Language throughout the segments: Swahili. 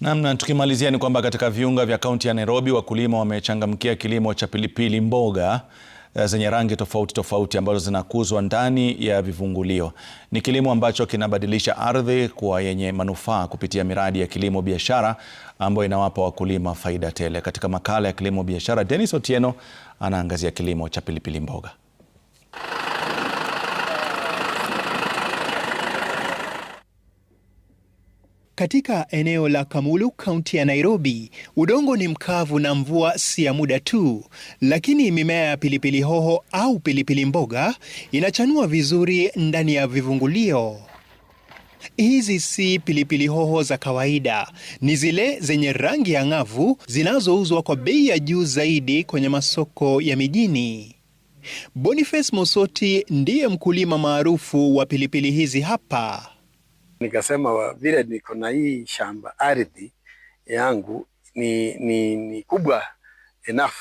Namna tukimalizia ni kwamba katika viunga vya kaunti ya Nairobi wakulima wamechangamkia kilimo cha pilipili mboga eh, zenye rangi tofauti tofauti ambazo zinakuzwa ndani ya vivungulio. Ni kilimo ambacho kinabadilisha ardhi kuwa yenye manufaa kupitia miradi ya kilimo biashara ambayo inawapa wakulima faida tele. Katika makala ya kilimo biashara, Dennis Otieno anaangazia kilimo cha pilipili mboga. Katika eneo la Kamulu, kaunti ya Nairobi, udongo ni mkavu na mvua si ya muda tu, lakini mimea ya pilipili hoho au pilipili mboga inachanua vizuri ndani ya vivungulio. Hizi si pilipili hoho za kawaida, ni zile zenye rangi ya ng'avu zinazouzwa kwa bei ya juu zaidi kwenye masoko ya mijini. Boniface Mosoti ndiye mkulima maarufu wa pilipili hizi hapa. Nikasema vile niko na hii shamba ardhi yangu ni, ni, ni kubwa enough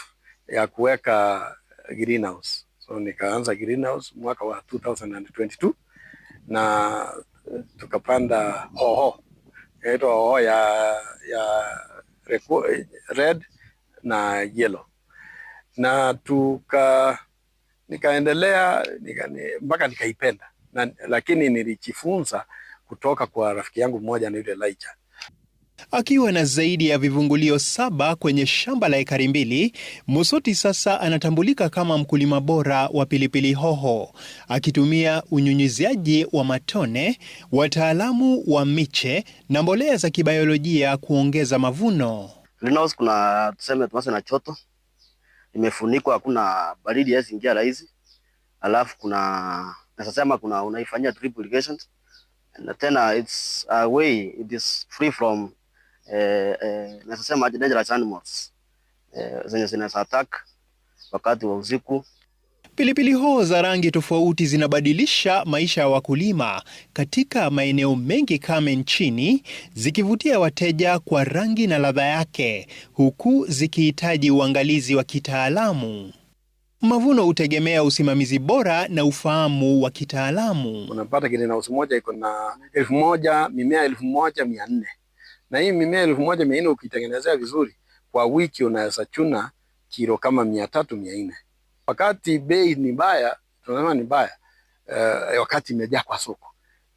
ya kuweka greenhouse. So nikaanza greenhouse mwaka wa 2022 na tukapanda hoho inaitwa hoho ya, ya red na yellow na tuka nikaendelea nika, mpaka nikaipenda na, lakini nilijifunza kutoka kwa rafiki yangu mmoja anaitwa Elijah. Akiwa na zaidi ya vivungulio saba kwenye shamba la ekari mbili, Musoti sasa anatambulika kama mkulima bora wa pilipili hoho, akitumia unyunyiziaji wa matone, wataalamu wa miche na mbolea za kibayolojia kuongeza mavuno. Greenhouse kuna tuseme tumase na choto imefunikwa, hakuna baridi yazingia rahisi, alafu kuna nasasema kuna unaifanyia drip irrigation na tena it's a way it is free from eh, uh, eh, nasema dangerous animals eh, zenye zinaweza attack wakati wa usiku. Pilipili hoho za rangi tofauti zinabadilisha maisha ya wakulima katika maeneo mengi kame nchini, zikivutia wateja kwa rangi na ladha yake, huku zikihitaji uangalizi wa kitaalamu. Mavuno hutegemea usimamizi bora na ufahamu wa kitaalamu. Unapata greenhouse moja iko na elfu moja mimea elfu moja mia nne na hii mimea elfu moja mia nne ukitengenezea vizuri, kwa wiki unaweza chuna kilo kama mia tatu mia nne Wakati bei ni mbaya, tunasema ni mbaya uh, wakati imejaa kwa soko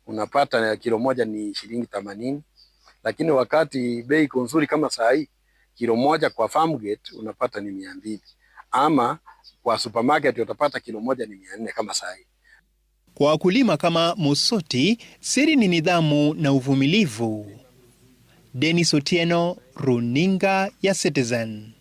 unapata kilo moja ni shilingi themanini, lakini wakati bei iko nzuri kama saa hii, kilo moja kwa farm gate unapata ni mia mbili ama kwa supermarket utapata kilo moja ni mia nne kama sahi. Kwa wakulima kama Musoti, siri ni nidhamu na uvumilivu. Denis Otieno, runinga ya Citizen.